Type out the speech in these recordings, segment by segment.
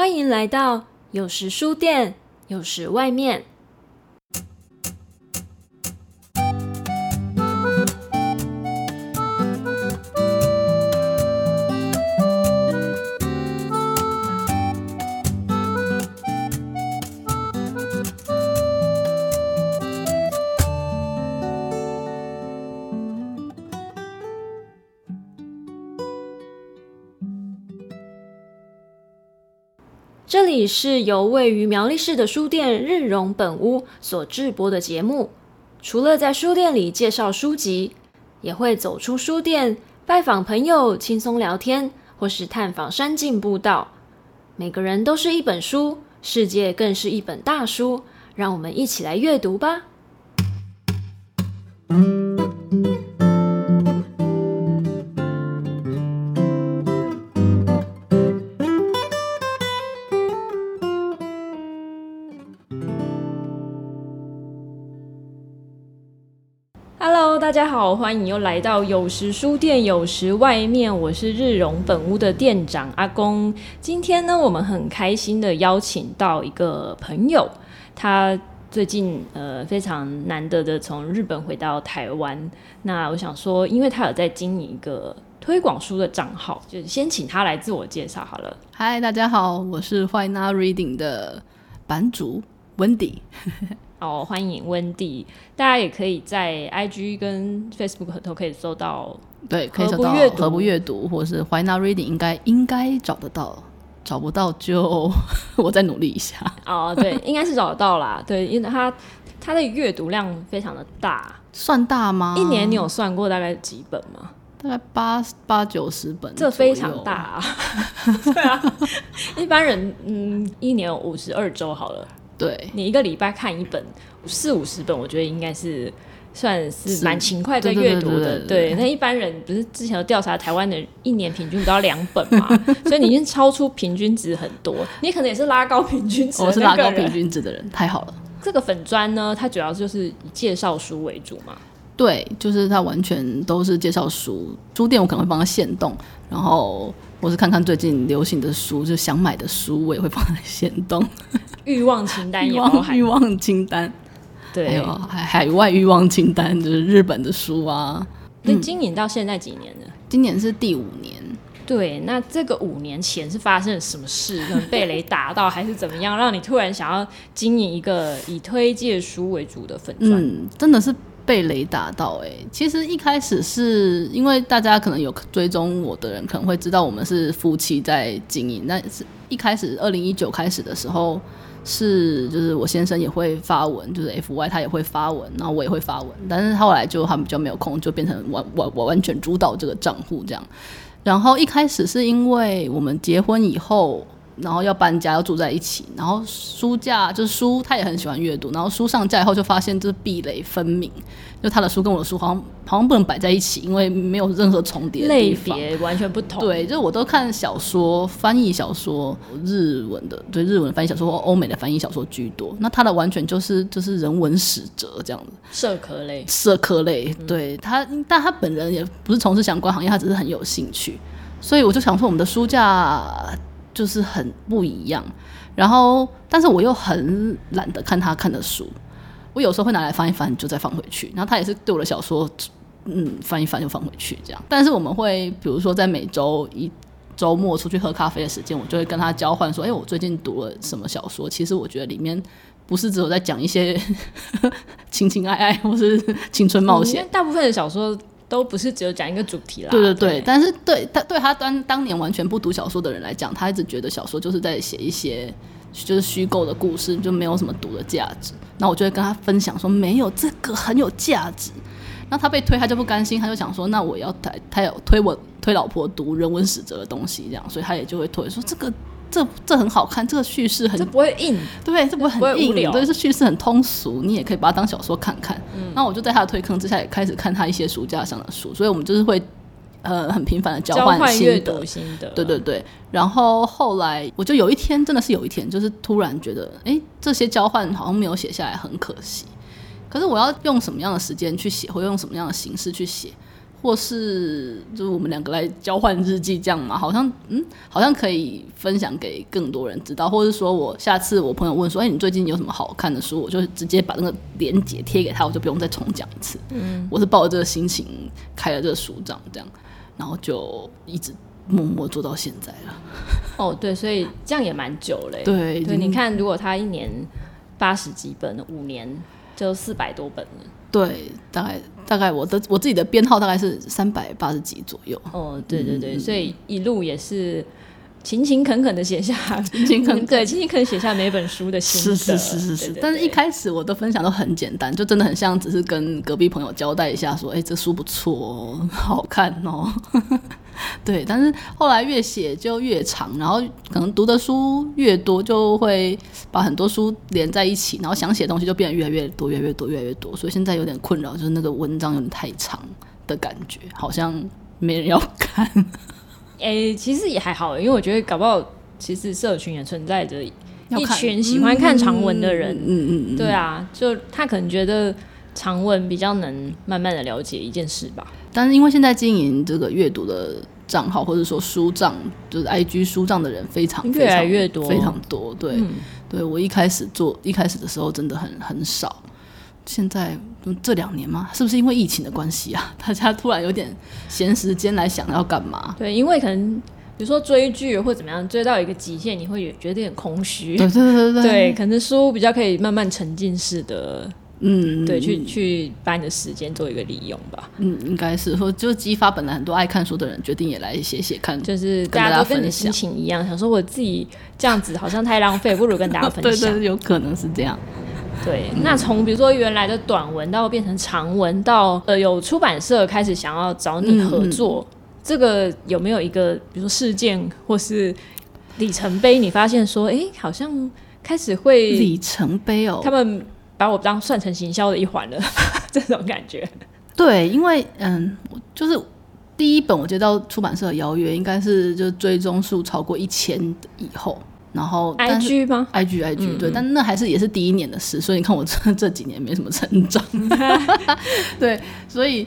歡迎來到有時書店，有時外面。這裡是由位於苗栗市的書店日榮本屋所製播的節目。除了在書店裡介紹書籍，也會走出書店拜訪朋友，輕鬆聊天，或是探訪山徑步道。每個人都是一本書，世界更是一本大書。讓我們一起來閱讀吧。嗯大家好，歡迎又來到有時書店，有時外面。我是日榮本屋的店長阿公。今天呢，我們很開心的邀請到一個朋友，他最近呃非常難得的從日本回到台灣。那我想說，因為他有在經營一個推廣書的賬號，就先請他來自我介紹好了。Hi，大家好，我是 Why Not Reading 的版主 Wendy。 哦，歡迎溫蒂。大家也可以在 IG 跟 Facebook 都可以搜到，對，可以搜到何不閱讀，或者是 Why Not Reading，應該應該找得到，找不到就我再努力一下。哦，對，應該是找得到啦。 對，因為他他的閱讀量非常的大，算大嗎？一年你有算過大概幾本嗎？大概八八九十本，這個、非常大、啊。 對啊， 一般人嗯，一年有五十二周好了。對你一個禮拜看一本四五十本，我覺得應該是算是蠻勤快在閱讀的。對,對,對,對,對,對,對,對，那一般人不是之前有調查台灣的一年平均不到兩本嘛， 所以你已經超出平均值很多。你可能也是拉高平均值的人，我是拉高平均值的人，太好了。這個粉專呢，它主要就是以介紹書為主嘛。對，就是它完全都是介紹書。書店我可能會幫他限動。然後我是看看最近流行的書，就想買的書，我也會放在先動。欲望清單也包 欲望清單，對，還有海海外欲望清單，就是日本的書啊。那今年到現在幾年了？今年是第五年。對，那這個五年前是發生了什麼事？可能被雷打到還是怎麼樣， 讓你突然想要經營一個以推介書為主的粉專？嗯，真的是被雷打到哎、欸。其實一開始是因為大家可能有追蹤我的人，可能會知道我們是夫妻在經營。那是一開始二零一九開始的時候，是就是我先生也會發文，就是 F Y 他也會發文，然後我也會發文。但是後來就他們比較沒有空，就變成完完我完，完全主導這個賬戶這樣。然後一開始是因為我們結婚以後。然後要搬家，要住在一起。然後書架就是書，他也很喜歡閱讀。然後書上架以後，就發現這壁壘分明，就他的書跟我的書好像，好像不能擺在一起，因為沒有任何重疊的地方。類別完全不同。對，就是我都看小說，翻譯小說，日文的，對日文的翻譯小說或歐美的翻譯小說居多。那他的完全就是就是人文史哲這樣子，社科類，社科類。對、嗯、他，但他本人也不是從事相關行業，他只是很有興趣。所以我就想說，我們的書架。就是很不一樣，然後，但是我又很懶得看他看的書，我有時候會拿來翻一翻，就再放回去。然後他也是對我的小說，嗯，翻一翻就放回去這樣。但是我們會比如說在每周一周末出去喝咖啡的時間，我就會跟他交換說，哎，我最近讀了什麼小說，其實我覺得裡面不是只有在講一些 情情愛愛或是青春冒險，大部分的小說。都不是只有講一個主題啦。對對對，對但是對他對他當當年完全不讀小說的人來講，他一直覺得小說就是在寫一些就是虛構的故事，就沒有什麼讀的價值。那我就會跟他分享說，沒有，這個很有價值。那他被推，他就不甘心，他就想說，那我要他他有推我推老婆讀人文史哲的東西，這樣，所以他也就會推說這個。這這很好看，這個敘事很，這不會硬，對，這不會很硬，這不會無聊，對，這敘事很通俗，你也可以把它當小說看看。嗯，那我就在他的推坑之下，也開始看他一些書架上的書，所以我們就是會呃很頻繁的交換，交換閱讀心得，心得，對對對。然後後來我就有一天真的是有一天，就是突然覺得，哎，這些交換好像沒有寫下來很可惜。可是我要用什麼樣的時間去寫，或用什麼樣的形式去寫？或是就是我們兩個來交換日記這樣嘛，好像嗯，好像可以分享給更多人知道，或者是說我下次我朋友問說，哎、欸，你最近有什麼好看的書，我就直接把那個鏈接貼給他，我就不用再重講一次。嗯，我是抱着這個心情開了這個書帳這樣，然後就一直默默做到現在了。哦，對，所以這樣也蠻久了、欸。對對，你看，如果他一年八十幾本，五年就四百多本了。對，大概大概我的我自己的編號大概是三百八十幾左右。哦，對對對，嗯、所以一路也是勤勤懇懇的寫下，勤勤懇懇勤勤懇寫下每本書的心得。是是是是是，對對對對。但是一開始我的分享都很簡單，就真的很像只是跟隔壁朋友交代一下，說，哎、欸，這書不錯哦，好看哦。 對，但是後來越寫就越長，然後可能讀的書越多，就會把很多書連在一起，然後想寫的東西就變得越來越多，越來越多，越來越多。所以現在有點困擾，就是那個文章有點太長的感覺，好像沒人要看。誒、欸，其實也還好，因為我覺得搞不好，其實社群也存在着一群喜歡看長文的人。嗯嗯嗯，嗯，對啊，就他可能覺得長文比較能慢慢的了解一件事吧。但是因為現在經營這個閱讀的。賬號或者說書賬，就是 IG 書賬的人非常，非常，越來越多，非常多。對，嗯、對我一開始做，一開始的時候真的很很少，現在、嗯、這兩年嘛，是不是因為疫情的關係啊？大家突然有點閒時間，來想要幹嘛？對，因為可能比如說追劇或怎麼樣，追到一個極限，你會覺得有點空虛。對，對對對對，對，可能書比較可以慢慢沉浸式的。嗯，對，去去把你的時間做一個利用吧。嗯，應該是說就激發本來很多愛看書的人決定也來寫寫看，就是跟大家分享，跟你的心情一樣，想說我自己這樣子好像太浪費， 不如跟大家分享。對，對對，有可能是這樣。對，嗯、那從比如說原來的短文到變成長文到，到呃有出版社開始想要找你合作，嗯嗯、這個有沒有一個比如說事件或是里程碑？你發現說，哎、欸，好像開始會里程碑哦，他們。把我當算成行銷的一環了，這種感覺。對，因為嗯，就是第一本我接到出版社邀約，應該是就追蹤數超過一千的以後，然後 IG 嗎？IG IG 對，嗯嗯，但那還是也是第一年的事，所以你看我這這幾年沒什麼成長。 對，所以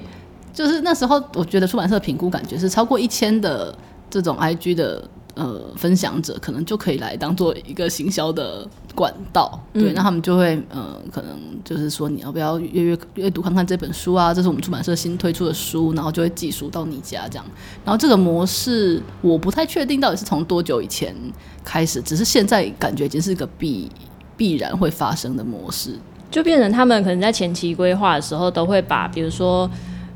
就是那時候我覺得出版社的評估感覺是超過一千的這種 IG 的。呃，分享者，可能就可以來當做一個行銷的管道，嗯，對，那他們就會呃，可能就是說你要不要閱閱閱讀看看這本書啊，這是我們出版社新推出的書，然後就會寄書到你家這樣。然後這個模式我不太確定到底是從多久以前開始，只是現在感覺已經是一個必必然會發生的模式，就變成他們可能在前期規劃的時候都會把比如說。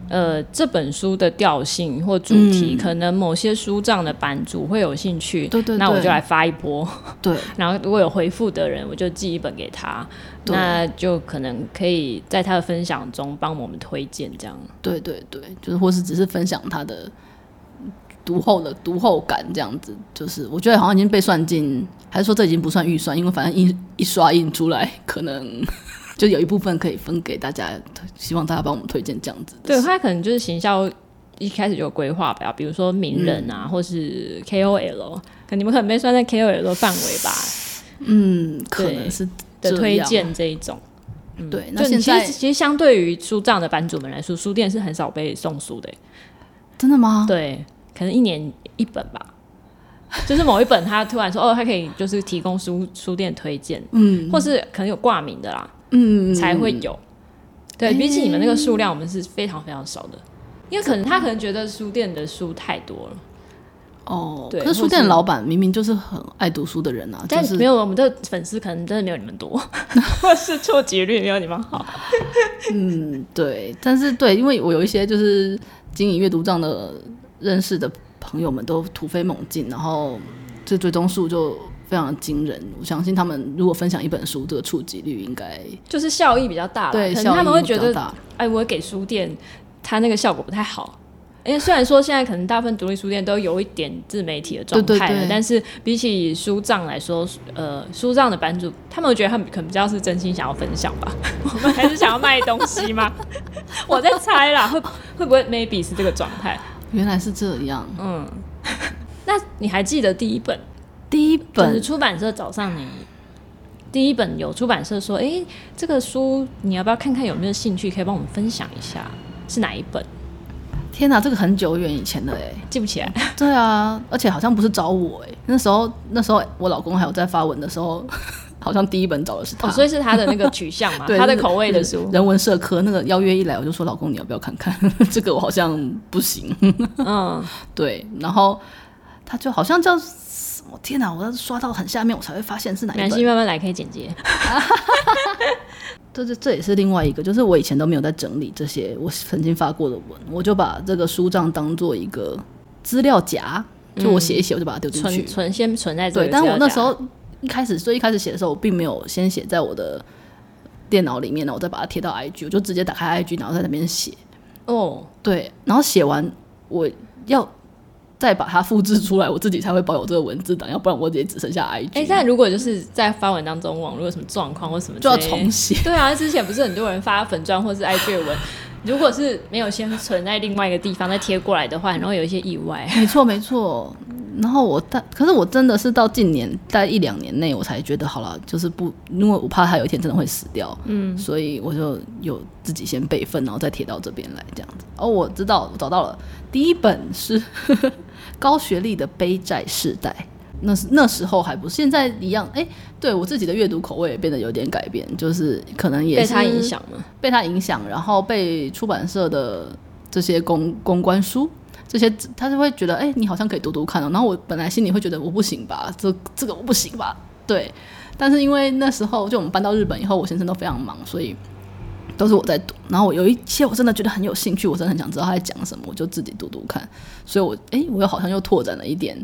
呃，這本書的調性或主題，嗯，可能某些書賬的版主會有興趣，對對對，那我就來發一波，對。然後如果有回復的人，我就寄一本給他，那就可能可以在他的分享中幫我們推薦這樣。對對對，就是或是只是分享他的讀後的讀後感這樣子，就是我覺得好像已經被算進，還是說這已經不算預算？因為反正印一刷印出來，可能。就有一部分可以分給大家，希望大家幫我們推薦這樣子。對，他可能就是行銷一開始就有規劃吧，比如說名人啊，嗯、或是 KOL，可你們可能沒算在 KOL 的範圍吧？嗯，可能是的推薦這一種。對，那現在其實，其實相對於書帳的版主們來說，書店是很少被送書的。真的嗎？對，可能一年一本吧。 就是某一本，他突然說：“哦，他可以就是提供書書店推薦。”嗯，或是可能有掛名的啦。嗯，才會有，對，畢竟你們那個數量，我們是非常非常少的。欸，因為可能他可能覺得書店的書太多了，哦，對，可是書店的老闆明明就是很愛讀書的人啊，就是，但是沒有我們的粉絲可能真的沒有你們多， 或是觸及率沒有你們好，嗯，對，但是對，因為我有一些就是經營閱讀這樣的認識的朋友們都突飛猛進，然後這追蹤數就。非常驚人，我相信他們如果分享一本書，這個觸及率應該就是效益比較大。對，可能他們會覺得，哎，我給書店，他那個效果不太好。因為雖然說現在可能大部分獨立書店都有一點自媒體的狀態了，對對對，但是比起書賬來說，呃，書賬的版主他們會覺得他們可能比較是真心想要分享吧。 我們還是想要賣東西嗎？ 我在猜啦，會會不會 maybe 是這個狀態？原來是這樣，嗯。 那你還記得第一本？第一本、就是、出版社找上你，第一本有出版社說：“哎、欸，這個書你要不要看看？有沒有興趣？可以幫我們分享一下，是哪一本？”天哪、啊，這個很久遠以前的哎，記不起來。對啊，而且好像不是找我哎，那時候那時候我老公還有在發文的時候，好像第一本找的是他，哦、所以是他的那個取向嘛， 他的口味的書，人文社科那個邀約一來，我就說老公你要不要看看？ 這個我好像不行。 嗯，對，然後他就好像叫。我天哪、啊！我要刷到很下面，我才會發現是哪一篇。慢慢來，可以剪接。哈哈哈。這這這也是另外一個，就是我以前都沒有在整理這些我曾經發過的文，我就把這個書帳當做一個資料夾，就我寫一寫，我就把它丟進去。存、嗯、先存在這裡。對，但我那時候一開始，所以一開始寫的時候，我並沒有先寫在我的電腦裡面呢，然後我再把它貼到 IG，我就直接打開 IG，然後在那邊寫。哦，對，然後寫完我要。再把它複制出來，我自己才會保有這個文字檔，要不然我自己只剩下 I G。哎、欸，但如果就是在發文當中，網絡有什麼狀況或什麼，就要重寫。對啊，之前不是很多人發粉專或是 I G 文， 如果是沒有先存在另外一個地方再貼過來的話，然後有一些意外。沒錯，沒錯。然後我但可是我真的是到近年，大概一兩年內，我才覺得好了，就是不，因為我怕他有一天真的會死掉。嗯，所以我就有自己先備份，然後再貼到這邊來這樣子。哦，我知道，我找到了，第一本是。 高學歷的背債世代，那時那時候還不是現在一樣。誒、欸，對我自己的閱讀口味也變得有點改變，就是可能也被他影響了，被他影響，然後被出版社的這些公公關書，這些他就會覺得，誒、欸，你好像可以讀讀看哦。然後我本來心裡會覺得我不行吧，這這個我不行吧，對。但是因為那時候就我們搬到日本以後，我先生都非常忙，所以。都是我在讀，然後我有一些我真的覺得很有興趣，我真的很想知道他在講什麼，我就自己讀讀看。所以我誒，我哎，我又好像又拓展了一點，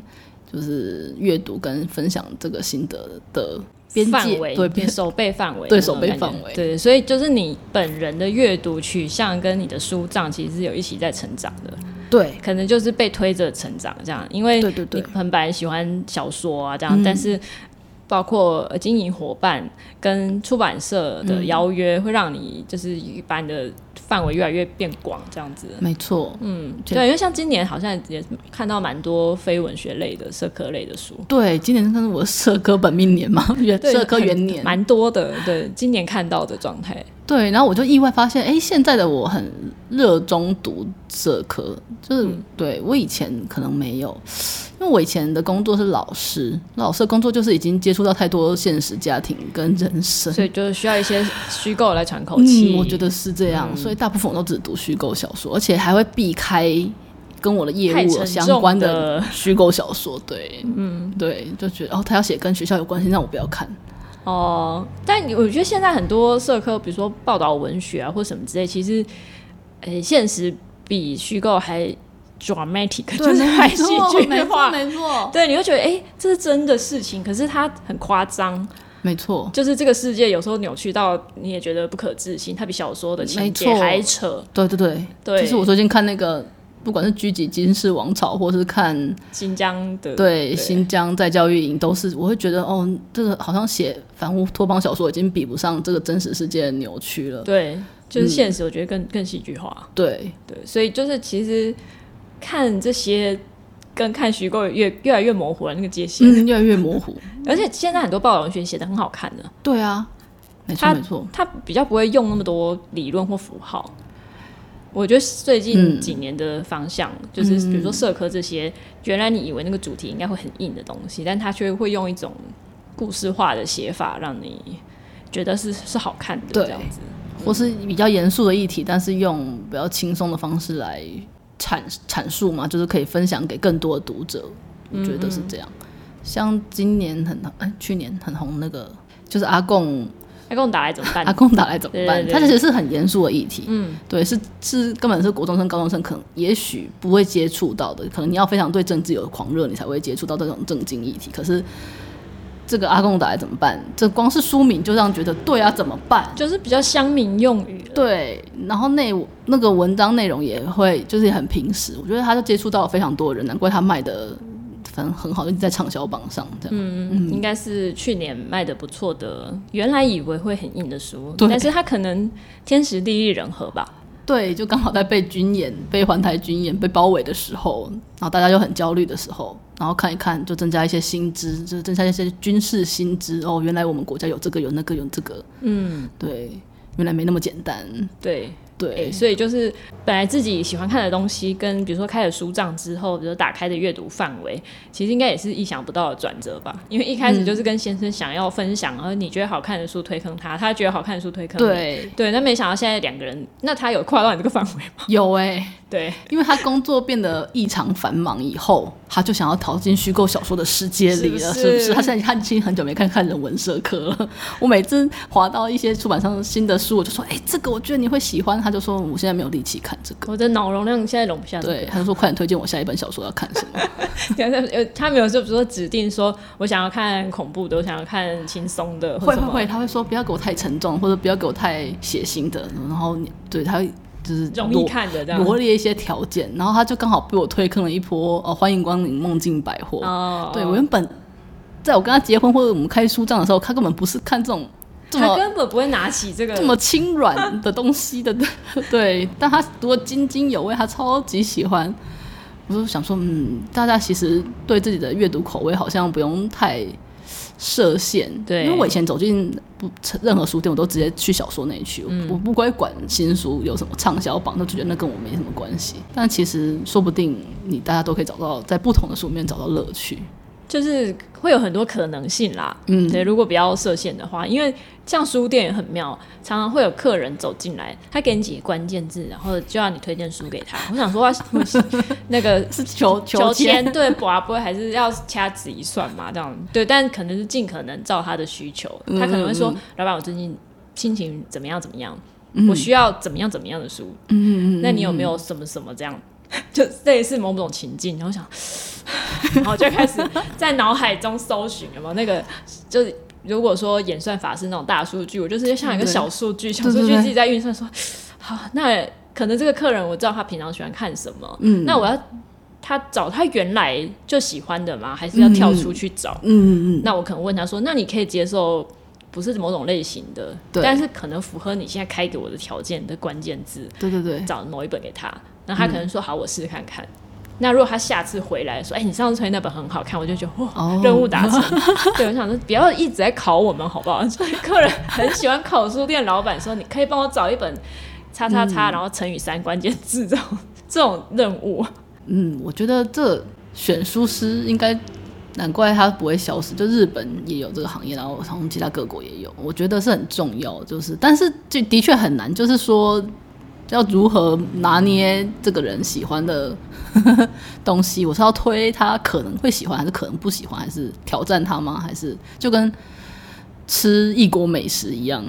就是閱讀跟分享這個心得的邊界，範圍對，邊對，守備範圍，對守備範圍，對，所以就是你本人的閱讀取向跟你的書帳其實是有一起在成長的，對、嗯，可能就是被推着成長這樣，因為你本來喜歡小說啊這樣，嗯、但是。包括經營夥伴跟出版社的邀約，會讓你就是把你的範圍越來越變廣，這樣子。沒錯，嗯對，對，因為像今年好像也看到蠻多非文學類的社科類的書。對，今年是我的社科本命年嘛，社 科元年，蠻多的。對，今年看到的狀態。對，然後我就意外發現，哎，現在的我很熱衷讀社科，就是、嗯、對我以前可能沒有，因為我以前的工作是老師，老師的工作就是已經接觸到太多現實家庭跟人生，所以就是需要一些虛構來喘口氣。嗯，我覺得是這樣、嗯，所以大部分我都只讀虛構小說，而且還會避開跟我的業務相關的虛構小說。對，嗯，對，就覺得哦，他要寫跟學校有關係，讓我不要看。哦、嗯，但我覺得現在很多社科，比如說報道文學啊，或什麼之類，其實，呃、欸，現實比虛構還 dramatic，就是還戲劇化，沒錯。對，你會覺得哎、欸，這是真的事情，可是它很誇張，沒錯。就是這個世界有時候扭曲到你也覺得不可置信，它比小說的情節還扯。對對對，對，就是我昨天看那個。不管是《狙擊金氏王朝》，或是看新疆的對,對新疆在教育營，都是、嗯、我會覺得哦，這個好像寫反烏托邦小說已經比不上這個真實世界的扭曲了。對，就是現實，我覺得更、嗯、更戲劇化。對對，所以就是其實看這些跟看虛構越越來越模糊了那個界限、嗯，越來越模糊。 而且現在很多報導文學寫得很好看的，對啊，沒錯沒錯，他比較不會用那麼多理論或符號。我覺得最近幾年的方向、嗯、就是，比如說社科這些、嗯，原來你以為那個主題應該會很硬的東西，但它卻會用一種故事化的寫法，讓你覺得是是好看的，對這樣子，或是比較嚴肅的議題，嗯、但是用比較輕鬆的方式來闡闡述嘛，就是可以分享給更多的讀者。嗯、我覺得是這樣。像今年很哎，去年很紅那個，就是阿共。阿共打來怎麼辦？ 阿共打來怎麼辦？對對對，他其實是很嚴肅的議題，嗯、對，是是根本是國中生、高中生，可能也許不會接觸到的，可能你要非常對政治有狂熱，你才會接觸到這種正經議題。可是這個阿共打來怎麼辦？這光是書名就讓覺得對，對，對，對啊，怎麼辦？就是比較鄉民用語，對，然後那那個文章內容也會就是也很平實，我覺得他就接觸到了非常多人，難怪他賣的。反正很好，就在暢銷榜上，這樣。嗯，嗯，應該是去年賣的不錯的，原來以為會很硬的書，但是它可能天時地利人和吧。對，就剛好在被軍演、嗯、被環台軍演被包圍的時候，然後大家又很焦慮的時候，然後看一看就增加一些新知，就增加一些軍事新知。哦，原來我們國家有這個，有那個，有這個。嗯，對，原來沒那麼簡單。對。對、欸，所以就是本來自己喜歡看的東西，跟比如說開了書帳之後，比如說打開的閱讀範圍，其實應該也是意想不到的轉折吧？因為一開始就是跟先生想要分享，而、嗯、你覺得好看的書推坑他，他覺得好看的書推坑他。對對。那沒想到現在兩個人，那他有跨到你這個範圍嗎？有哎，、欸，對，因為他工作變得異常繁忙以後，他就想要逃進虛構小說的世界裡了，是不是？是不是他現在他已經很久沒看看人文社科了。 我每次滑到一些出版商新的書，我就說，哎、欸，這個我覺得你會喜歡。他就說：“我現在沒有力氣看這個，我的腦容量現在容不下。”對，他就說：“快點推薦我下一本小說要看什麼。 ”他沒有說，比如說指定說我想要看恐怖的，我想要看輕鬆的。會不會？會，他會說不要給我太沉重，或者不要給我太血腥的。然後對他就是容易看的這樣，羅列一些條件，然後他就剛好被我推坑了一波。哦、呃，歡迎光臨夢境百貨。哦、oh，對我原本在我跟他結婚或者我們開書帳的時候，他根本不是看這種。他根本不會拿起這個這麼輕軟的東西的， 對。但他讀得津津有味，他超級喜歡。我就想說，嗯，大家其實對自己的閱讀口味好像不用太設限，對。因為我以前走進不任何書店，我都直接去小說那一區、嗯，我不，我不會管新書有什麼暢銷榜，就覺得那跟我沒什麼關係。但其實說不定你大家都可以找到在不同的書裡面找到樂趣。就是會有很多可能性啦，嗯，對。如果不要設限的話，嗯，因為像書店也很妙，常常會有客人走進來，他給你幾個關鍵字，然後就要你推薦書給他。 我想說他，他那個 是求求籤，求對，不會，還是要掐指一算嘛，這樣。對，但可能是盡可能照他的需求，嗯嗯他可能會說：“嗯嗯老闆，我最近心情怎麼樣？怎麼樣，嗯？我需要怎麼樣？怎麼樣的書？嗯，嗯，嗯，嗯，那你有沒有什麼什麼這樣？”就類似某種情境，然後想， 然後就開始在腦海中搜尋了嘛。那個，就是如果說演算法是那種大數據，我就是像一個小數據，小數據自己在運算說，說好，那可能這個客人我知道他平常喜歡看什麼，嗯，那我要他找他原來就喜歡的嗎？還是要跳出去找？嗯嗯嗯。那我可能問他說：“那你可以接受不是某種類型的，對，但是可能符合你現在開給我的條件的關鍵字，對對對，找某一本給他？那他可能說好，我試試看看，嗯。那如果他下次回來說，哎，欸，你上次推那本很好看，我就覺得哇，哦，任務達成。 對我想說：「不要一直在考我們好不好？所以客人很喜歡考書店老板，說你可以幫我找一本叉叉叉，然後成語三關鍵字這種這種任務。嗯，我覺得這選書師應該難怪他不會消失，就日本也有這個行業，然後從其他各國也有，我覺得是很重要。就是，但是這的確很難，就是說。要如何拿捏這個人喜歡的 東西？我是要推他可能會喜歡，還是可能不喜歡，還是挑戰他嗎？還是就跟吃異國美食一樣？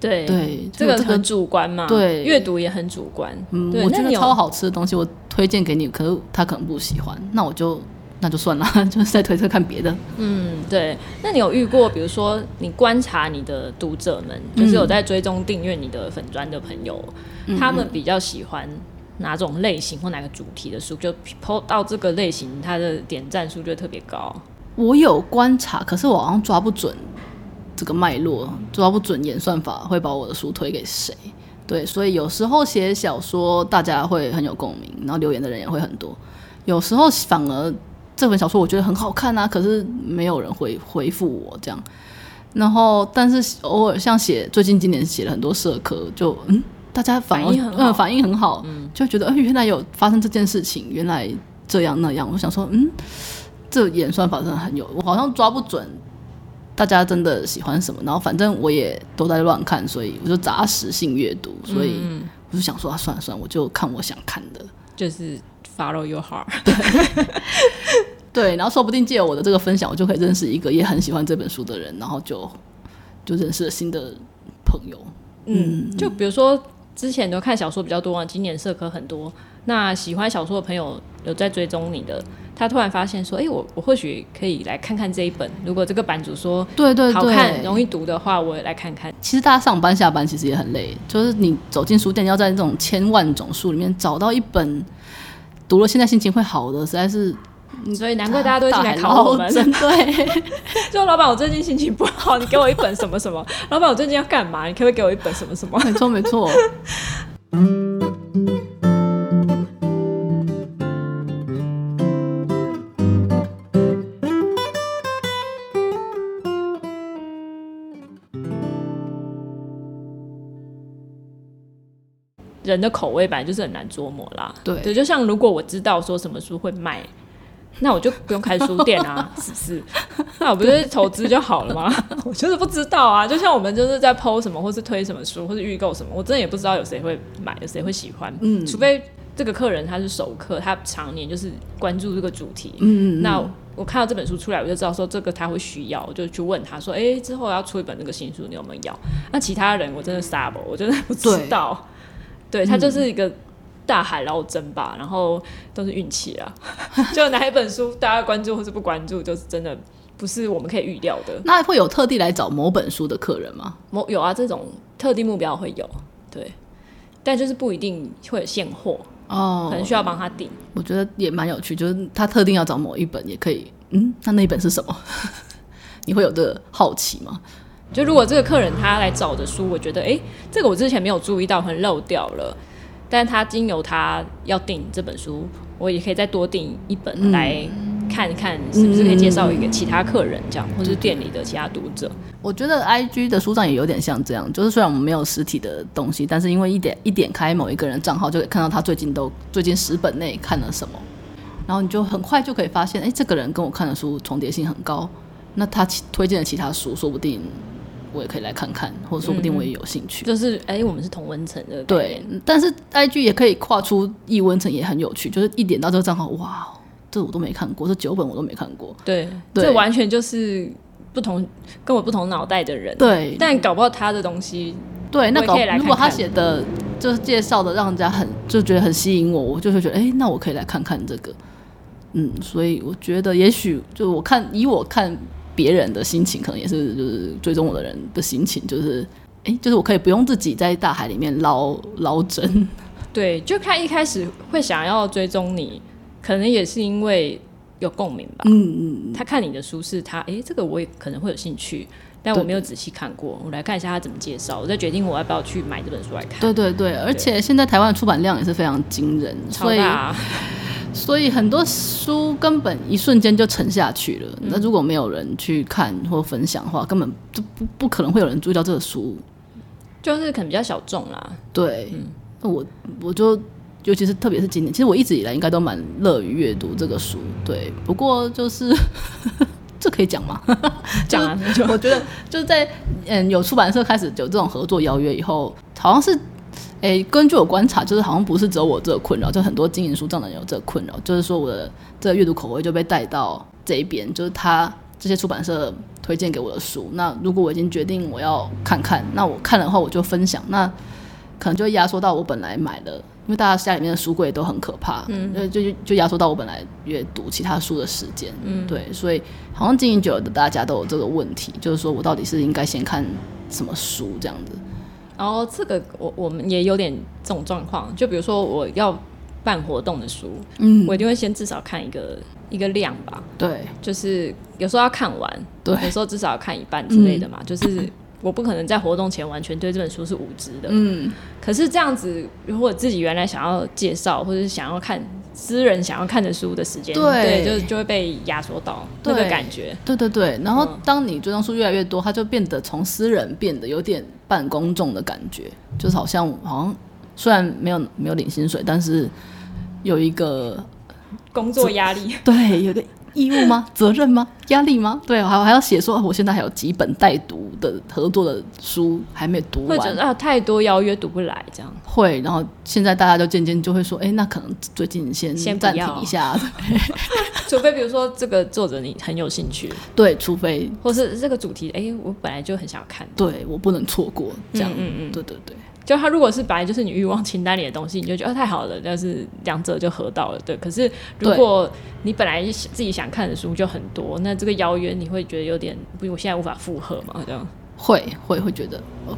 對對、這個，這個很主觀嘛。對，閱讀也很主觀。嗯，我覺得超好吃的東西我推薦給你，你，可是他可能不喜歡，那我就。那就算了，就是在推特看別的。嗯，對。那你有遇過，比如說你觀察你的讀者們，嗯、就是有在追蹤訂閱你的粉專的朋友、嗯，他們比較喜歡哪種類型或哪個主題的書？嗯嗯、就 po 到這個類型，它的點讚數就特別高。我有觀察，可是我好像抓不準這個脈絡，抓不準演算法會把我的書推給誰。對，所以有時候寫小說大家會很有共鳴，然後留言的人也會很多；有時候反而。這本小說我覺得很好看啊，可是沒有人回回覆我這樣，然後但是偶爾像寫最近今年寫了很多社科，就嗯大家反，反應嗯反應很好，就覺得哎、嗯、原來有發生這件事情，原來這樣那樣，我想說嗯這演算法真的很有，我好像抓不准大家真的喜歡什麼，然後反正我也都在亂看，所以我就雜食性閱讀，所以我就想說啊算了算了，我就看我想看的，就是。Follow your heart，對 對，然後說不定借我的這個分享，我就可以認識一個也很喜歡這本書的人，然後就就認識了新的朋友嗯。嗯，就比如說之前都看小說比較多、啊、今年社科很多。那喜歡小說的朋友有在追蹤你的，他突然發現說：“哎、欸，我我或許可以來看看這一本。”如果這個版主說對對好看、容易讀的話，我也來看看。其實大家上班下班其實也很累，就是你走進書店，要在這種千萬種書裡面找到一本。讀了，現在心情會好的，實在是，嗯、所以難怪大家都會進來考我們。啊、對， 就老闆，我最近心情不好，你給我一本什麼什麼？ 老闆，我最近要幹嘛？你可不可以給我一本什麼什麼？沒錯，沒錯。 人的口味本來就是很難琢磨啦，對。對，就像如果我知道說什麼書會賣，那我就不用開書店啊， 是不是？那我不是投資就好了嗎？對對對？我就是不知道啊。就像我們就是在拋什麼，或是推什麼書，或是預購什麼，我真的也不知道有誰會買，有誰會喜歡。嗯，除非這個客人他是熟客，他常年就是關注這個主題。嗯，嗯，嗯，那我，我看到這本書出來，我就知道說這個他會需要，我就去問他說：“哎、欸，之後要出一本那個新書，你有沒有要？”那其他人我真的 stable 我真的不知道。對，它就是一個大海撈針吧，然後都是運氣啊， 就哪一本書大家關注或是不關注，就是真的不是我們可以預料的。 那會有特地來找某本書的客人嗎？某有啊，這種特定目標會有，對，但就是不一定會有現貨哦，oh, 可能需要幫他訂，嗯。我覺得也蠻有趣，就是他特定要找某一本也可以，嗯，那那一本是什麼？ 你會有的好奇嗎？就如果這個客人他來找的書，我覺得哎、欸，這個我之前沒有注意到，可能漏掉了。但他經由他要訂這本書，我也可以再多訂一本來看一看是不是可以介紹一個其他客人這樣，嗯，或者是店裡的其他讀者。我覺得 IG 的書帳也有點像這樣，就是雖然我們沒有實體的東西，但是因為一點一點開某一個人賬號，就可以看到他最近都最近十本內看了什麼，然後你就很快就可以發現，哎、欸，這個人跟我看的書重疊性很高，那他其推薦的其他書說不定，我也可以來看看，或者說不定我也有興趣。嗯、就是，哎、欸，我們是同溫層的。Okay. 對，但是 IG 也可以跨出異溫層，也很有趣。就是一點到這個賬號，哇，這我都沒看過，這九本我都沒看過對。對，這完全就是不同跟我不同腦袋的人。對，但搞不到他的東西對，我可以來看看。對，那搞如果他寫的就是介紹的，的讓人家很就覺得很吸引我，我就會覺得，哎、欸，那我可以來看看這個。嗯，所以我覺得，也許就我看，以我看。別人的心情可能也是，就是追蹤我的人的心情，就是，哎、欸，就是我可以不用自己在大海裡面撈撈針。對，就看一開始會想要追蹤你，可能也是因為有共鳴吧。嗯嗯，他看你的書是他，他、欸、哎，這個我也可能會有興趣，但我沒有仔細看過。我來看一下他怎麼介紹，我再決定我要不要去買這本書來看。對對對，對，而且現在台灣的出版量也是非常驚人，超大，啊！所以很多書根本一瞬間就沉下去了。那、嗯、如果沒有人去看或分享的話，根本就不不可能會有人注意到這個書，就是可能比較小眾啦。對，那、嗯、我我就尤其是特別是今年，其實我一直以來應該都蠻樂於閱讀這個書。對，不過就是 這可以講嗎？講、 就是，啊、 我覺得就是在嗯有出版社開始有這種合作邀約以後，好像是。哎，根據我觀察，就是好像不是只有我這個困擾，就很多經營書帳的人有這個困擾。就是說我的這個閱讀口味就被帶到這一邊，就是他這些出版社推薦給我的書。那如果我已經決定我要看看，那我看了的話我就分享，那可能就壓縮到我本來買的，因為大家家裡面的書櫃都很可怕，嗯，就就就壓縮到我本來閱讀其他書的時間，嗯，對，所以好像經營久了，大家都有這個問題，就是說我到底是應該先看什麼書這樣子。然後這個我我們也有點這種狀況，就比如說我要辦活動的書，嗯，我一定會先至少看一個一個量吧，對，就是有時候要看完，對，有時候至少要看一半之類的嘛，嗯、就是我不可能在活動前完全對這本書是無知的，嗯，可是這樣子，如果自己原來想要介紹或者想要看私人想要看的書的時間，對，對就就會被壓縮到對那個感覺，對對對，然後當你追蹤數越來越多，嗯，它就變得從私人變得有點。半公眾的感覺，就是好像好像，雖然沒有沒有領薪水，但是有一個工作壓力，對，有點。 義務嗎？責任嗎？壓力嗎？對，還還要寫說，我現在還有幾本待讀的合作的書還沒讀完，會覺得啊，太多邀約讀不來這樣。會，然後現在大家就漸漸就會說，哎、欸，那可能最近先先暫停一下， 除非比如說這個作者你很有興趣，對，除非或是這個主題，哎、欸，我本來就很想要看，對我不能錯過這樣，嗯嗯，對對對。就他如果是本來就是你欲望清單裡的東西，你就覺得、哦、太好了，但是兩者就合到了。對，可是如果你本來想自己想看的書就很多，那這個邀約你會覺得有點，不，我現在無法負荷嘛，好像會會會覺得，哦、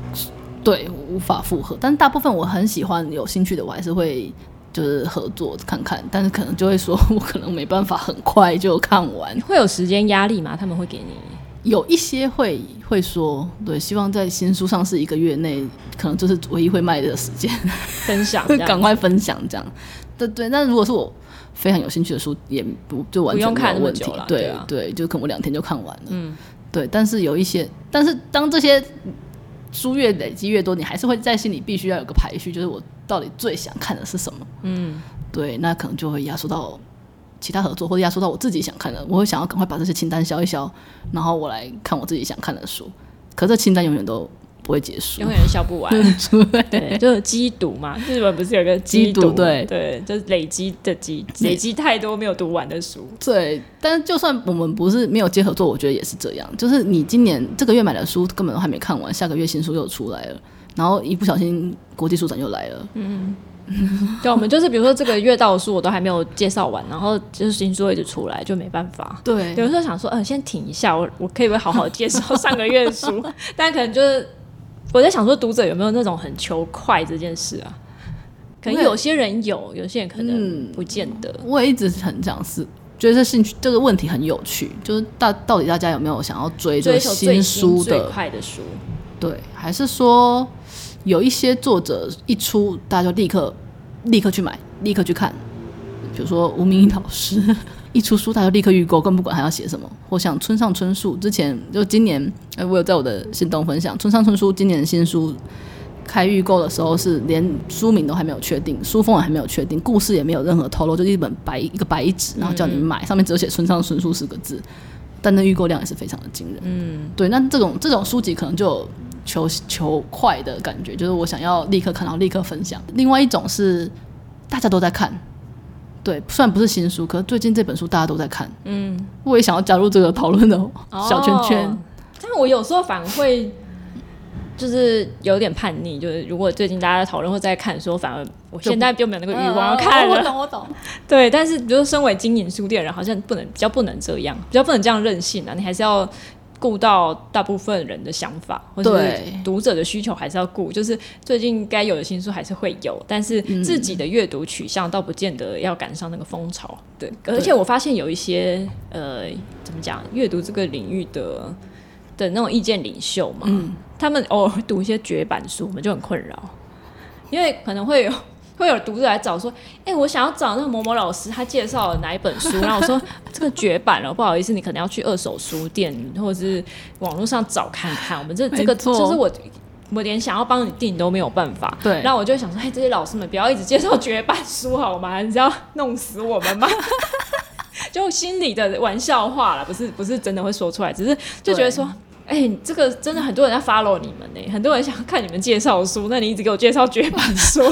對無法負荷。但大部分我很喜歡有興趣的，我還是會就是合作看看，但是可能就會說我可能沒辦法很快就看完，會有時間壓力嗎？他們會給你？有一些會會說，對，希望在新書上市一個月內，可能就是唯一會賣的時間，分享，趕 快分享這樣。對對，那如果是我非常有興趣的書，也不就完全沒有問題看了對。對啊，對，就可能我兩天就看完了。嗯，對。但是有一些，但是當這些書越累積越多，你還是會在心裡必須要有個排序，就是我到底最想看的是什麼。嗯，對，那可能就會壓縮到。其他合作或者壓縮到我自己想看的，我會想要趕快把這些清單消一消，然後我來看我自己想看的書。可是這清單永遠都不會結束，永遠消不完。 對，就是積讀嘛。日本不是有個積讀？對對，就是累積的積，累積太多沒有讀完的書。對，但是就算我們不是沒有接合作，我覺得也是這樣。就是你今年這個月買的書根本都還沒看完，下個月新書又出來了，然後一不小心國際書展又來了。嗯,嗯。對， 我們就是比如說這個月到的書我都還沒有介紹完，然後就是新書一直出來，就沒辦法。對，有時候想說，嗯、呃，先停一下，我我可以不可以好好介紹上個月的書， 但可能就是我在想說，讀者有沒有那種很求快這件事啊？可能有些人有，有些人可能不見得。嗯、我一直很想是，覺得興趣這個問題很有趣，就是大，到底大家有沒有想要追這個追求最新最快的書？對，還是說？有一些作者一出，大家就立刻立刻去買，立刻去看。比如說吳明益老師一出書，他就立刻預購，更不管還要寫什麼。或像村上春樹，之前就今年，哎、欸，我有在我的心動分享，村上春樹今年的新書開預購的時候，是連書名都還沒有確定，書封也還沒有確定，故事也沒有任何透露，就一本白一個白紙，然後叫你們買、嗯，上面只有寫村上春樹四個字，但那預購量也是非常的驚人。嗯，對，那這種這種書籍可能就。求求快的感覺，就是我想要立刻看到，立刻分享。另外一種是大家都在看，對，雖然不是新書，可是最近這本書大家都在看。嗯，我也想要加入這個討論的小圈圈，哦。但我有時候反而會就是有點叛逆， 就是如果最近大家討論或在看，說反而我現在就沒有那個欲望要看 我懂，我懂。我懂 對，但是比如說身為經營書店的人，好像不能比較不能這樣，比較不能這樣任性啊，你還是要。顧到大部分人的想法，或者是，是讀者的需求，還是要顧。就是最近該有的新書還是會有，但是自己的閱讀取向倒不見得要趕上那個風潮。對，對，而且我發現有一些呃，怎麼講，閱讀這個領域的的那種意見領袖嘛，嗯，他們偶爾讀一些絕版書，我們就很困擾，因為可能會有。會有讀者來找說：“哎、欸，我想要找那個某某老師，他介紹了哪一本書？”然後我說：“ 這個絕版了，不好意思，你可能要去二手書店或者是網絡上找看看。”我們這這個就是我，我連想要幫你訂都沒有辦法。對，然後我就想說：“哎、欸，這些老師們，不要一直介紹絕版書好嗎？你只要弄死我們嗎？” 就心裡的玩笑話了，不是不是真的會說出來，只是就覺得說。哎、欸，這個真的很多人在 follow 你們呢、欸，很多人想看你們介紹書，那你一直給我介紹絕版的書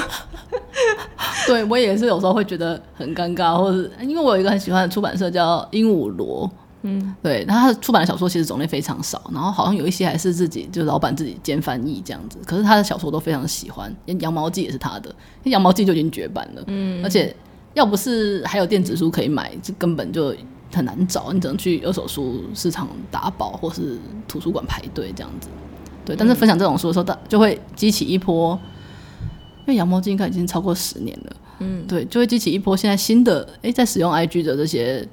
對，對我也是有時候會覺得很尷尬，或是因為我有一個很喜歡的出版社叫鸚鵡螺，嗯，對，那他出版的小說其實種類非常少，然後好像有一些還是自己就是老板自己兼翻譯這樣子，可是他的小說都非常喜歡，連《羊毛記》也是他的，《羊毛記》就已經絕版了，嗯，而且要不是還有電子書可以買，這、嗯、根本就。很難找，你只能去二手書市場打寶，或是圖書館排隊這樣子。對、嗯，但是分享這種書的時候，它就會激起一波，因為《羊毛鏡》已經超過十年了，嗯，對，就會激起一波現在新的。哎、欸，在使用 IG 的這些讀者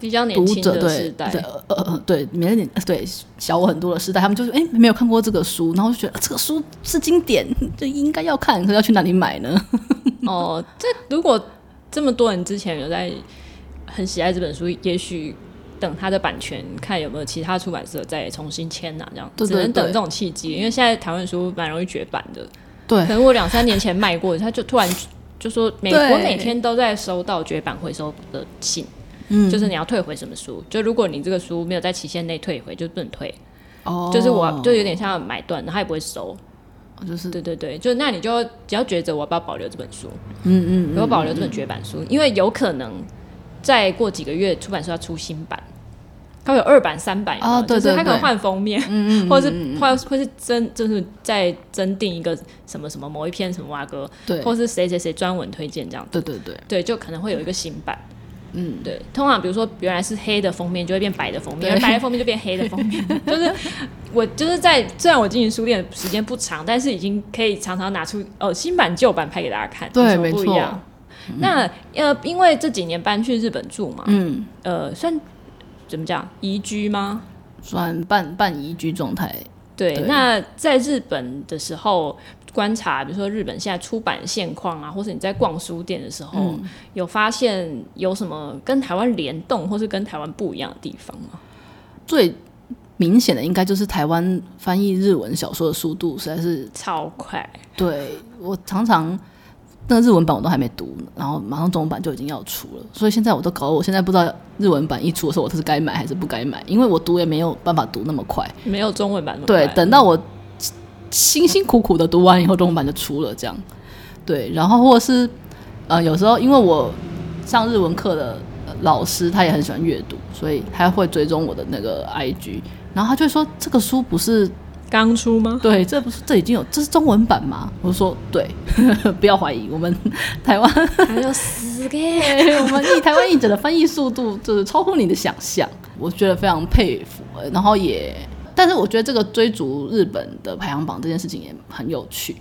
比較年輕的時代，呃呃對，年、呃、對，沒對，小我很多的時代，他們就是哎、欸、沒有看過這個書，然後就覺得、呃、這個書是經典，就應該要看，可是要去哪裡買呢？ 哦，這如果這麼多人之前有在。很喜愛這本書，也許等它的版權，看有沒有其他出版社再重新簽吶，這樣，對對對，只能等這種契機。因為現在台灣書蠻容易絕版的。對，可能我兩三年前賣過的，他就突然就說每，每我每天都在收到絕版回收的信，嗯，就是你要退回什麼書，就如果你這個書沒有在期限內退回，就不能退。哦，就是我要就有點像買斷，他也不會收。就是對對對，就那你就只要覺得我要保留這本書，嗯嗯，嗯，嗯，嗯，如果保留這本絕版書，因為有可能。再過幾個月，出版社要出新版，它會有二版、三版有有、哦對對對，就是它可能換封面，嗯嗯,嗯,嗯，或者是會是增，就是再增訂一個什麼什麼某一篇什麼啊哥，對，或者是誰誰誰專文推薦這樣對對對，對，就可能會有一個新版，嗯，對，通常比如說原來是黑的封面就會變白的封面，而白的封面就變黑的封面， 就是我就是在雖然我經營書帳的時間不長，但是已經可以常常拿出哦新版舊版拍給大家看，對，有什麼不一樣沒錯。那呃，因為這幾年搬去日本住嘛，嗯，呃，算怎麼講移居嗎？算半半移居狀態。對，那在日本的時候觀察，比如說日本現在出版現況啊，或是你在逛書店的時候，嗯、有發現有什麼跟台灣聯動，或是跟台灣不一樣的地方嗎？最明顯的應該就是台灣翻譯日文小說的速度實在是超快。對，我常常。那個日文版我都還沒讀，然後馬上中文版就已經要出了，所以現在我都搞得，我現在不知道日文版一出的時候，我是該買還是不該買，因為我讀也沒有辦法讀那麼快。沒有中文版。對，等到我辛辛苦苦的讀完以後，中文版就出了，這樣對，然後或者是呃，有時候因為我上日文課的，呃，老師他也很喜歡閱讀，所以他會追蹤我的那個 IG，然後他就說這個書不是。剛出嗎？對，這不是這已經有，這是中文版嗎？我說對呵呵，不要懷疑我們台灣，還有四給， 我們譯台灣譯者的翻譯速度就是超乎你的想象，我覺得非常佩服。然後也，但是我覺得這個追逐日本的排行榜這件事情也很有趣，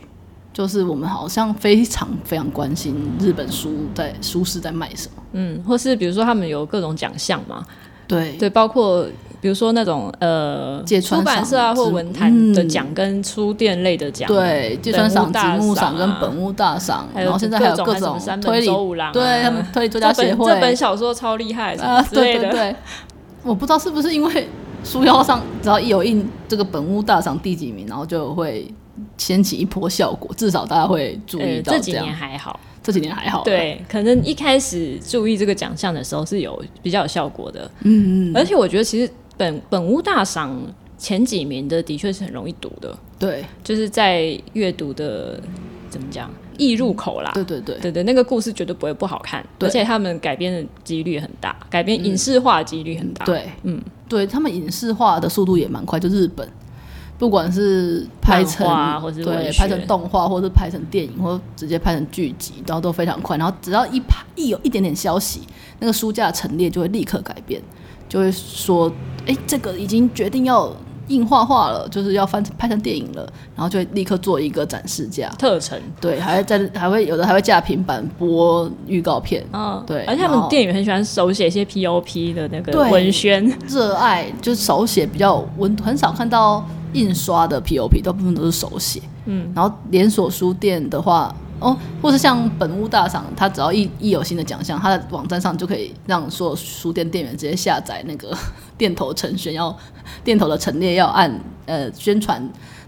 就是我們好像非常非常關心日本書在書市在賣什麼，嗯，或是比如說他們有各種獎項嘛，對，對，包括。比如說那種呃，出版社啊或文壇的獎，跟書店類的獎、嗯，對，芥川賞、直木賞跟本屋大賞，還有然後現在還有各種，有各種推理五郎、啊，對，推理作家協會這，這本小說超厲害的、呃。對對對， 我不知道是不是因為書腰上只要有一有印這個本屋大賞第幾名，然後就會掀起一波效果，至少大家會注意到這、呃。這幾年還好，這幾年還好、啊，對，可能一開始注意這個獎項的時候是有比較有效果的，嗯嗯，而且我覺得其實。本本屋大賞前幾名的，的確是很容易讀的。對，就是在閱讀的怎麼講，易入口啦。嗯、對對對，對對，那個故事絕對不會不好看對，而且他們改編的幾率很大，改編影視化的幾率很大、嗯嗯。對，嗯，對他們影視化的速度也蠻快，就是、日本，不管是拍成、啊、或是對，拍成動畫，或是拍成電影，或直接拍成劇集，然後都非常快。然後只要一拍一有一點點消息，那個書架陳列就會立刻改變。就會說，哎、欸，這個已經決定要映畫化了，就是要翻拍成電影了，然後就會立刻做一個展示架，特陳，對，還會在，還會有的還會架平板播預告片，嗯、哦，對，而且他們電影很喜歡手寫一些 P O P 的那個文宣，熱愛就是手寫比較很少看到印刷的 P O P，大部分都是手寫，嗯，然後連鎖書店的話。哦，或是像本屋大賞，他只要一一有新的獎項，他的網站上就可以讓所有書店店員直接下載那個店頭陳宣要店頭的陳列要按呃宣傳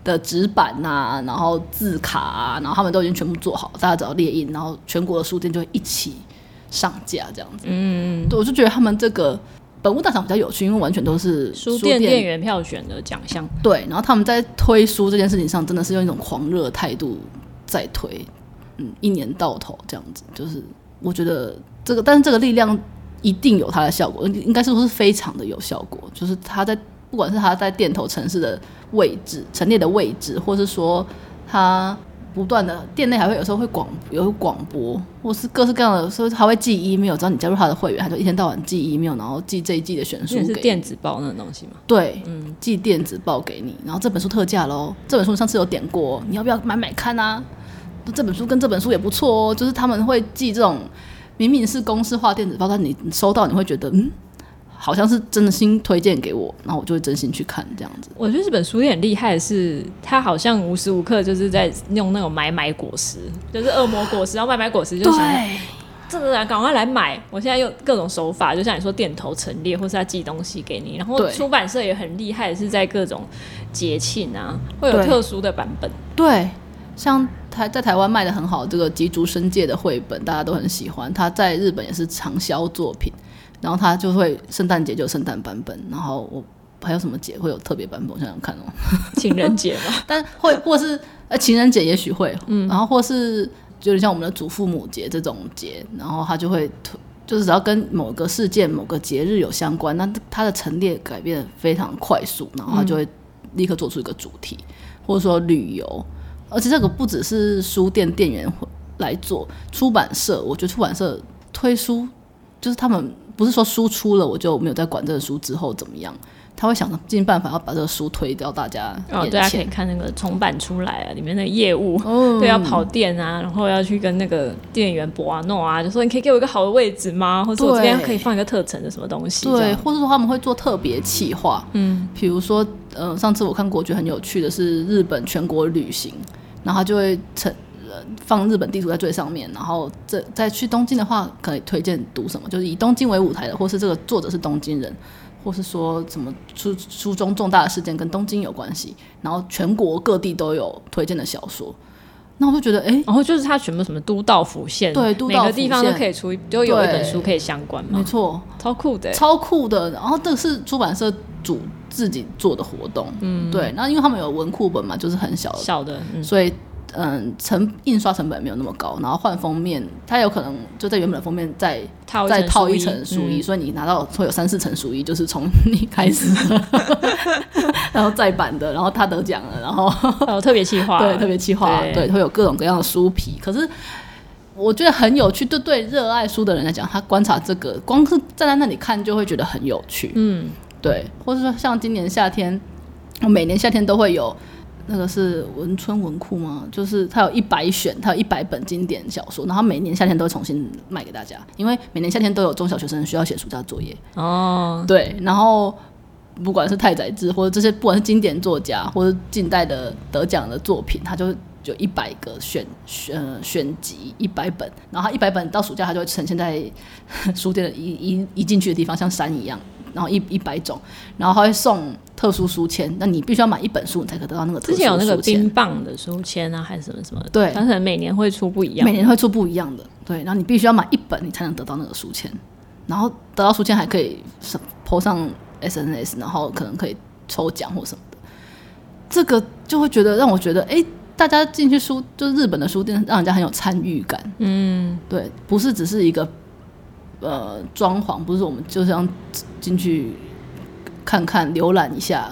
的紙板吶、啊，然後字卡啊，然後他們都已經全部做好，大家只要列印，然後全國的書店就一起上架這樣子。嗯，對，我就覺得他們這個本屋大賞比較有趣，因為完全都是書店書店，店員票選的獎項。對，然後他們在推書這件事情上，真的是用一種狂熱的態度在推。嗯，一年到頭這樣子，就是我覺得這個，但是這個力量一定有它的效果，應該說是，是非常的有效果。就是他在不管是他在店頭城市的位置、陳列的位置，或是說他不斷的店內還會有時候會廣有廣播，或是各式各樣的時候，他會寄 email，只要你加入他的會員，他就一天到晚寄 email，然後寄這一季的選書給你。電子報那種東西嗎？對，嗯，寄電子報給你，然後這本書特價嘍，這本書上次有點過，你要不要買買看啊？這本書跟這本書也不錯哦，就是他們會寄這種，明明是公式化電子報，但你收到你會覺得嗯，好像是真心推薦給我，然後我就會真心去看這樣子。我覺得這本書有很厲害的是，是它好像無時無刻就是在用那種買買果實，嗯、就是惡魔果實，然後買買,買果實，就想這個人趕快來買。我現在用各種手法，就像你說店頭陳列或是要寄東西給你，然後出版社也很厲害，是在各種節慶啊會有特殊的版本。對。對像台，在台灣賣得很好，這個《吉竹伸介》的繪本大家都很喜歡。他在日本也是常銷作品，然後他就會聖誕節就聖誕版本，然後我還有什麼節會有特別版本？我想想看哦、喔，情人節吧。 但會或是呃、欸、情人節也許會、嗯，然後或是就有點像我們的祖父母節這種節，然後他就會推，就是只要跟某個事件、某個節日有相關，那它的陳列改變非常快速，然後他就會立刻做出一個主題，嗯、或者說旅遊。而且這個不只是書店店員來做，出版社，我覺得出版社推書就是他們不是說書出了我就沒有在管這個書之後怎麼樣，他會想盡辦法要把這個書推到，大家眼前。大家、哦啊、可以看那個重版出來啊，裡面的業務、嗯，對，要跑店啊，然後要去跟那個店員播啊弄啊，就說你可以給我一個好的位置嗎？或者說我這邊可以放一個特呈的什麼東西？對，或者說他們會做特別企劃，嗯，比如說，嗯、呃，上次我看過，覺得很有趣的是日本全國旅行。然後他就會成，呃，放日本地圖在最上面，然後這再去東京的話，可以推薦讀什麼？就是以東京為舞台的，或是這個作者是東京人，或是說什麼書書中重大的事件跟東京有關係，然後全國各地都有推薦的小說。那我就覺得，哎、欸，然、哦、後就是他全部什麼都道府縣，對，都道府縣，每個地方都可以出，就有一本書可以相關嘛，沒錯，超酷的、欸，超酷的。然後這個是出版社主自己做的活動，嗯，對。然後因為他們有文庫本嘛，就是很小的小的、嗯，所以。嗯，成印刷成本沒有那麼高，然後換封面，它有可能就在原本的封面再套再套一層書衣，嗯，所以你拿到會有三四層書衣，就是從你開始， 然後再版的，然後他得獎了，然後、哦、特別企劃，對，特別企劃，對，會有各種各樣的書皮。可是我覺得很有趣，就對對，熱愛書的人來講，他觀察這個，光是站在那裡看就會覺得很有趣。嗯，對，或者說像今年夏天，我每年夏天都會有。那個是文春文庫嗎？就是它有一百選，它有一百本經典小說，然後每年夏天都會重新賣給大家，因為每年夏天都有中小學生需要寫暑假作業。哦，對，然後不管是太宰治或者這些，不管是經典作家或者近代的得獎的作品，它就就一百個選選選，選集一百本，然後一百本到暑假它就會呈現在書店的一一一進去的地方，像山一樣。然後一一百種，然後還會送特殊書籤。那你必須要買一本書，你才可得到那個特殊書籤。之前有那個冰棒的書籤啊，還是什麼什麼？對，反正每年會出不一樣，每年會出不一樣的。對，然後你必須要買一本，你才能得到那個書籤。然後得到書籤還可以上 po 上 SNS，然後可能可以抽獎或什麼的。這個就會覺得讓我覺得，哎、欸，大家進去書，就是日本的書店，讓人家很有參與感。嗯，對，不是只是一個。呃，裝潢不是我們，就像進去看看、瀏覽一下、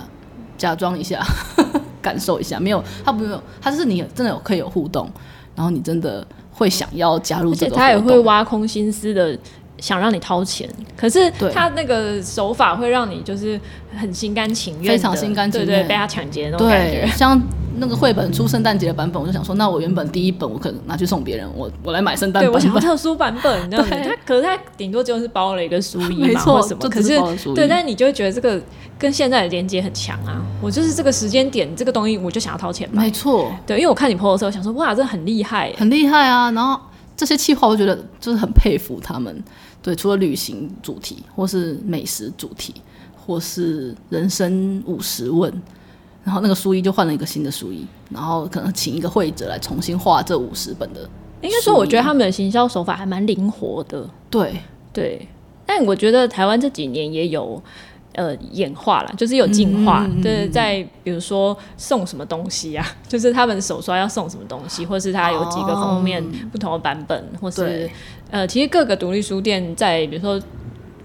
假裝一下呵呵、感受一下，沒有，他沒有，他就是你真的有可以有互動，然後你真的會想要加入這個，而且他也會挖空心思的想讓你掏錢，可是他那個手法會讓你就是很心甘情願，非常心甘情願被他搶劫那種感覺，對，像。那個繪本出聖誕節的版本，我就想說，那我原本第一本我可能拿去送別人，我我來買聖誕版。對，我想要特殊版本，你知道你對它，可是它頂多就是包了一個書衣嘛 沒錯，或什麼，就是，可是對，但是你就會覺得這個跟現在的連接很強啊。我就是這個時間點，這個東西我就想要掏錢嘛。沒錯，對，因為我看你朋友的時候，我想說哇，這很厲害，欸，很厲害啊。然後這些企劃，我覺得就是很佩服他們。對，除了旅行主題，或是美食主題，或是人生五十問。然後那個書衣就換了一個新的書衣，然後可能請一個會者來重新畫這五十本的書。應該說，我覺得他們的行銷手法還蠻靈活的。對對，但我覺得台灣這幾年也有呃演化了，就是有進化。對、嗯，就是，在比如說送什麼東西啊，就是他們手刷要送什麼東西，或是他有幾個封面不同的版本，哦，或是呃，其實各個獨立書店在比如說。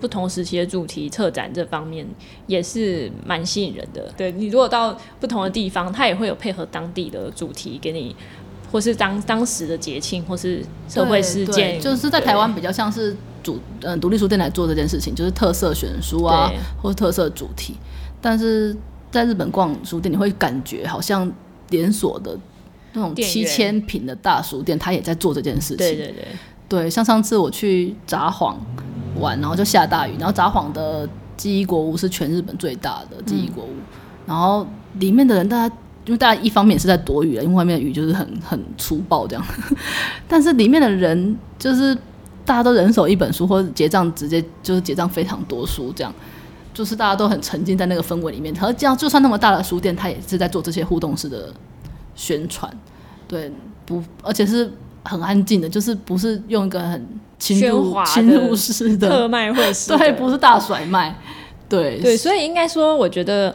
不同時期的主題策展這方面也是蠻吸引人的對。對你如果到不同的地方，它也會有配合當地的主題給你，或是當當時的節慶，或是社會事件，就是在台灣比較像是主嗯獨、呃、立書店來做這件事情，就是特色選書啊，或是特色主題。但是在日本逛書店，你會感覺好像連鎖的那種七千平的大書店，它也在做這件事情。對對對。對，像上次我去札幌玩，然後就下大雨，然後札幌的紀伊國屋是全日本最大的紀伊國屋，嗯，然後裡面的人大家，因為大家一方面也是在躲雨了，因為外面的雨就是很很粗暴這樣，但是裡面的人就是大家都人手一本書，或者結賬直接就是結賬非常多書這樣，就是大家都很沉浸在那個氛圍裡面，然後這樣就算那麼大的書店，他也是在做這些互動式的宣傳，對，不，而且是。很安靜的，就是不是用一個很喧嘩、侵入式的特賣或者是 對，不是大甩賣，對對。所以應該說，我覺得，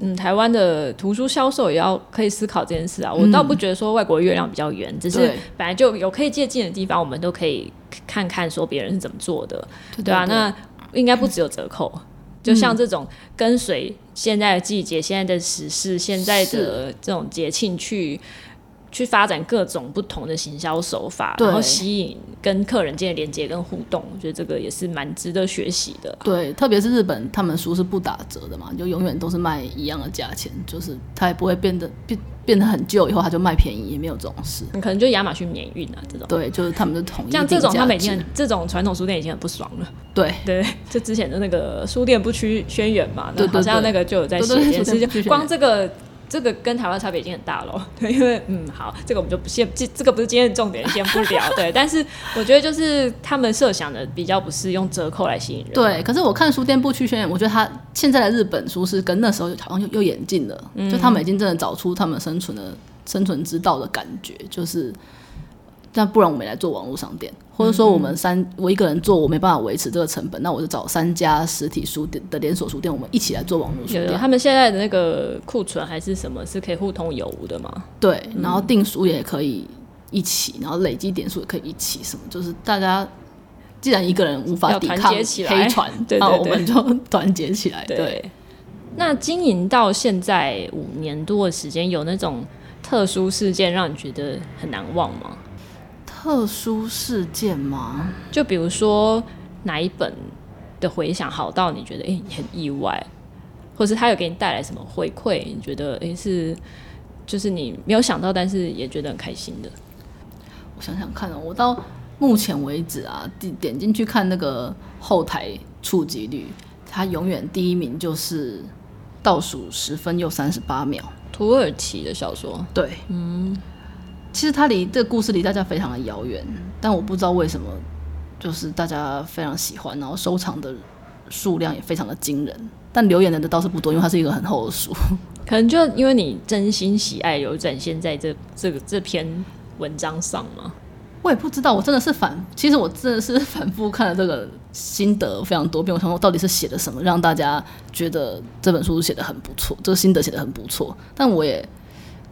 嗯，台灣的圖書銷售也要可以思考這件事啊、嗯。我倒不覺得說外國月亮比較圓，只是本來就有可以借鑑的地方，我們都可以看看說別人是怎麼做的，對對，對，對啊。那應該不只有折扣，嗯、就像這種跟隨現在的季節、現在的時事、現在的這種節慶去。去發展各種不同的行銷手法，然後吸引跟客人間的連接跟互動，我覺得這個也是蠻值得學習的啊。對，特別是日本，他們書是不打折的嘛，就永遠都是賣一樣的價錢，就是它也不會變得變變得很舊，以後它就賣便宜，也沒有這種事。你可能就亞馬遜免運啊，這種。對，就是他們就統一像這種他，他每天這種傳統書店已經很不爽了。對對，就之前的那個書店不屈宣言嘛，那好像那個就有在寫，其實光這個。這個跟台灣差別已經很大了，對，因為嗯，好，這個我們就不先，這這個不是今天的重點，先不聊， 對。但是我覺得就是他們設想的比較不是用折扣來吸引人，對。可是我看書店不屈宣言，我覺得他現在的日本書是跟那時候就好像又又演進了，嗯，就他們已經真的找出他們生存的生存之道的感覺，就是。那不然我們來做網絡商店，或者說我們三嗯嗯我一個人做我沒辦法維持這個成本，那我就找三家實體書店的連鎖書店，我們一起來做網絡書店。他們現在的那個庫存還是什麼是可以互通有無的嗎？對，然後訂書也可以一起，然後累積點數也可以一起，什麼就是大家既然一個人無法抵抗黑船，那我們就團結起來。對,對,對,對，那經營到現在五年多的時間，有那種特殊事件讓你覺得很難忘嗎？特殊事件嗎？就比如說哪一本的回想，好到你覺得誒、欸、很意外，或是他有給你帶來什麼回饋，你覺得誒、欸、是就是你沒有想到，但是也覺得很開心的。我想想看哦、喔，我到目前為止啊，點點進去看那個後台觸及率，它永遠第一名就是倒數十分又三十八秒，土耳其的小說，對，嗯。其實它離這個故事離大家非常的遙遠，但我不知道為什麼，就是大家非常喜歡，然後收藏的數量也非常的驚人。但留言人的倒是不多，因為它是一個很厚的書。可能就因為你真心喜愛，有展現在這這個這篇文章上嗎、嗯？我也不知道，我真的是反，其實我真的是反復看了這個心得非常多遍，我想我到底是寫了什麼，讓大家覺得這本書寫的很不錯，這個心得寫的很不錯。但我也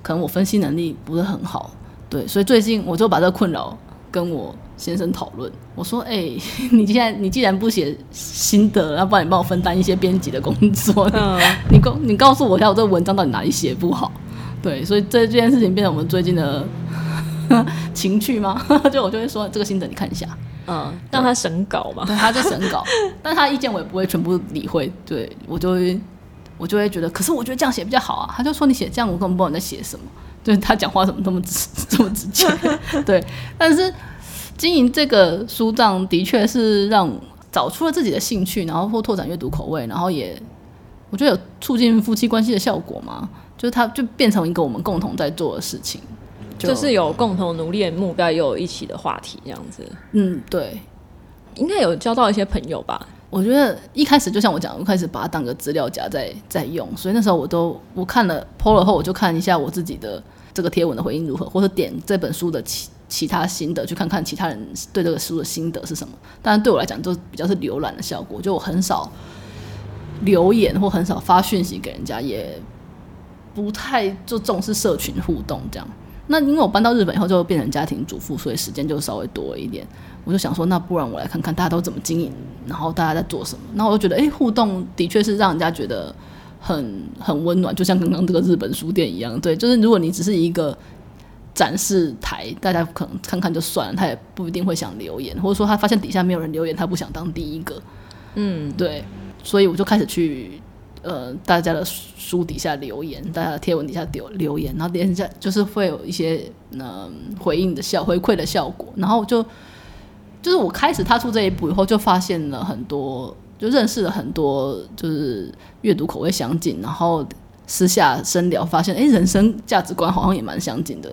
可能我分析能力不是很好。對，所以最近我就把這個困擾跟我先生討論。我說：“哎，你現在你既然不寫心得，要不然你幫我分擔一些編輯的工作？嗯。你，你告你告訴我一下，我這個文章到底哪裡寫不好？”對，所以這這件事情變成我們最近的情趣嗎？就我就會說這個心得你看一下，嗯，讓他審稿吧。對，對，他就審稿， 但他的意見我也不會全部理會。對，我就會我就會覺得，可是我覺得這樣寫比較好啊。他就說，你寫這樣，我根本不知道你在寫什麼。就是他講話怎麼這麼直，這麼直接？ 對，但是經營這個書帳的確是讓找出了自己的興趣，然後或拓展閱讀口味，然後也我覺得有促進夫妻關係的效果嘛。就是他就變成一個我們共同在做的事情，就、就是有共同努力的目標，又、嗯、有一起的話題這樣子。嗯，對，應該有交到一些朋友吧。我覺得一開始就像我講，我開始把它當個資料夾在在用，所以那時候我都我看了 po 了後，我就看一下我自己的這個貼文的回應如何，或者點這本書的其其他心得，去看看其他人對這個書的心得是什麼。但是對我來講，就比較是瀏覽的效果，就我很少留言或很少發訊息給人家，也不太就重視社群互動這樣。那因為我搬到日本以後就變成家庭主婦，所以時間就稍微多了一點。我就想說，那不然我來看看大家都怎麼經營，然後大家在做什麼。那我就覺得，哎，互動的確是讓人家覺得很很溫暖，就像剛剛這個日本書店一樣。對，就是如果你只是一個展示台，大家可能看看就算了，他也不一定會想留言，或者說他發現底下沒有人留言，他不想當第一個。嗯，對。所以我就開始去呃，大家的書底下留言，大家的貼文底下留留言，然後底下就是會有一些嗯、呃、回應的效回饋的效果，然後我就。就是我開始踏出這一步以後，就發現了很多，就認識了很多，就是閱讀口味相近，然後私下深聊，發現哎、欸，人生價值觀好像也蠻相近的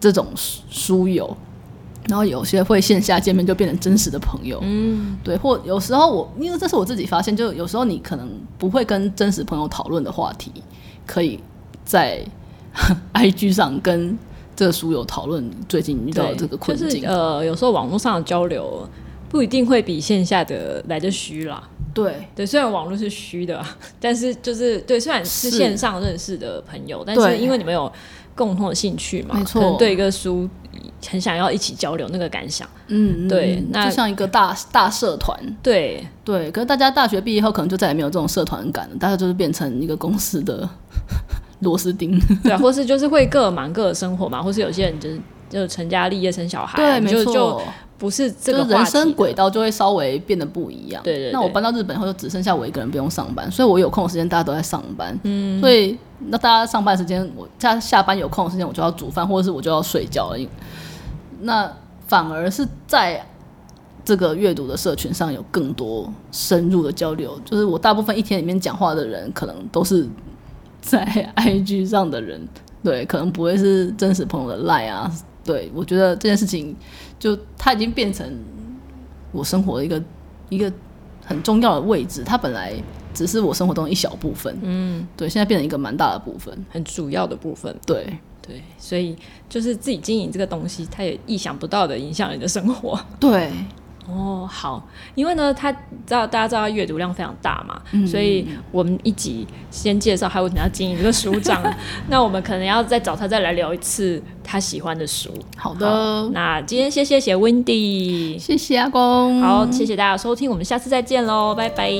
這種書友，然後有些會線下見面，就變成真實的朋友。嗯，對，或有時候我，因為這是我自己發現，就有時候你可能不會跟真實朋友討論的話題，可以在 IG 上跟。這個、書有討論最近遇到這個困境，就是、呃，有時候網絡上的交流不一定會比線下的來得虛啦。對，對，雖然網絡是虛的，但是就是對，雖然是線上認識的朋友，但是因為你們有共同的興趣嘛，可能對一個書很想要一起交流那個感想。嗯，對，嗯、那就像一個大大社團。對，對，可是大家大學畢業以後，可能就再也沒有這種社團感了，大家就是變成一個公司的。 螺絲釘，對，或是，就是會各忙各的生活嘛， 或是有些人就是就成家立業生小孩啊，對，沒錯，就不是這個人生軌道就會稍微變得不一樣。對、對、對，那我搬到日本後就只剩下我一個人不用上班，所以我有空的時間大家都在上班。嗯，所以那大家上班時間我下下班，有空的時間我就要煮飯或者是我就要睡覺而已。那反而是在這個閱讀的社群上有更多深入的交流，就是我大部分一天裡面講話的人可能都是。在 IG 上的人，對，可能不會是真實朋友的 LINE 啊，對，我覺得這件事情就他已經變成我生活的一個一個很重要的位置，他本來只是我生活中一小部分，嗯，對，現在變成一個蠻大的部分，很主要的部分，對對，對，所以就是自己經營這個東西，他也意想不到的影響你的生活，對。哦，好，因為呢，他知道大家知道他閱讀量非常大嘛，嗯、所以我們一起先介紹，還有你要經營一個書帳， 那我們可能要再找他再來聊一次他喜歡的書。好的，好那今天謝謝謝,謝 Wendy 謝謝阿公，好，謝謝大家的收聽，我們下次再見嘍，拜拜。